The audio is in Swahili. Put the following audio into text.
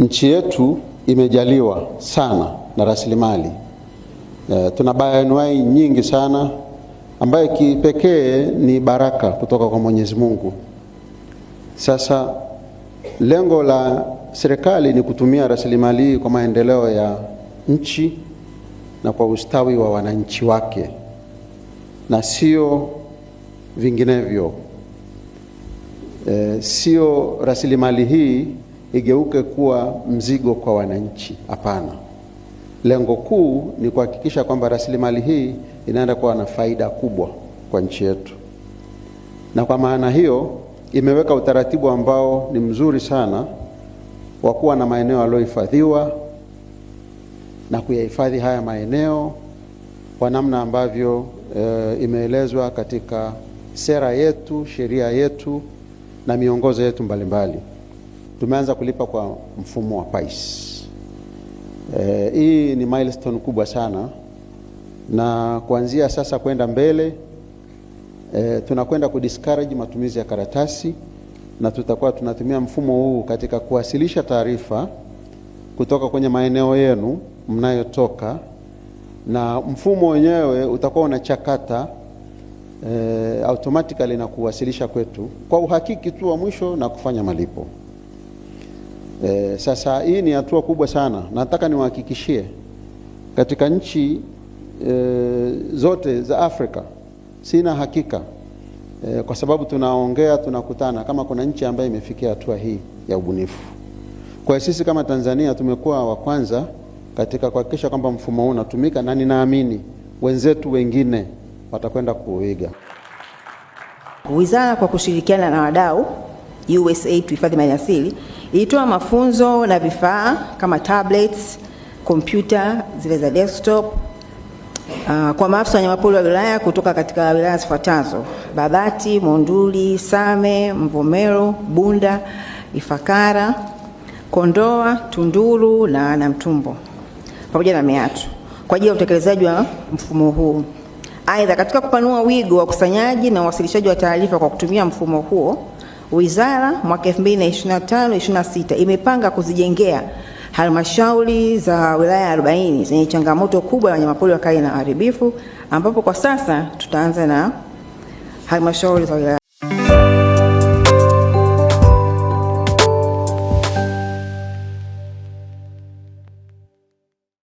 Nchi yetu imejaliwa sana na rasilimali e, tuna bayanuai nyingi sana ambayo kipekee ni baraka kutoka kwa Mwenyezi Mungu. Sasa lengo la serikali ni kutumia rasilimali hii kwa maendeleo ya nchi na kwa ustawi wa wananchi wake na sio vinginevyo. E, sio rasilimali hii igeuke kuwa mzigo kwa wananchi. Hapana, lengo kuu ni kuhakikisha kwamba rasilimali hii inaenda kuwa na faida kubwa kwa nchi yetu, na kwa maana hiyo imeweka utaratibu ambao ni mzuri sana wa kuwa na maeneo yaliyohifadhiwa na kuyahifadhi haya maeneo kwa namna ambavyo e, imeelezwa katika sera yetu, sheria yetu na miongozo yetu mbalimbali mbali tumeanza kulipa kwa mfumo wa PAIS. E, hii ni milestone kubwa sana na kuanzia sasa kwenda mbele e, tunakwenda kudiscourage matumizi ya karatasi na tutakuwa tunatumia mfumo huu katika kuwasilisha taarifa kutoka kwenye maeneo yenu mnayotoka, na mfumo wenyewe utakuwa unachakata e, automatically na kuwasilisha kwetu kwa uhakiki tu wa mwisho na kufanya malipo. E, sasa hii ni hatua kubwa sana. Nataka niwahakikishie katika nchi e, zote za Afrika, sina hakika e, kwa sababu tunaongea tunakutana, kama kuna nchi ambayo imefikia hatua hii ya ubunifu. Kwa hiyo sisi kama Tanzania tumekuwa wa kwanza katika kuhakikisha kwamba mfumo huu unatumika, na ninaamini wenzetu wengine watakwenda kuuiga. Wizara kwa kushirikiana na wadau USAID tuhifadhi maliasili Ilitoa mafunzo na vifaa kama tablets, kompyuta zile za desktop uh, kwa maafisa wanyamapori wa wilaya kutoka katika wilaya zifuatazo: Babati, Monduli, Same, Mvomero, Bunda, Ifakara, Kondoa, Tunduru na Namtumbo pamoja na Meatu kwa ajili ya utekelezaji wa mfumo huu. Aidha, katika kupanua wigo wa ukusanyaji na uwasilishaji wa taarifa kwa kutumia mfumo huo Wizara mwaka 2025 26 imepanga kuzijengea halmashauri za wilaya 40 zenye changamoto kubwa ya wanyamapori wakali na waharibifu, ambapo kwa sasa tutaanza na halmashauri za wilaya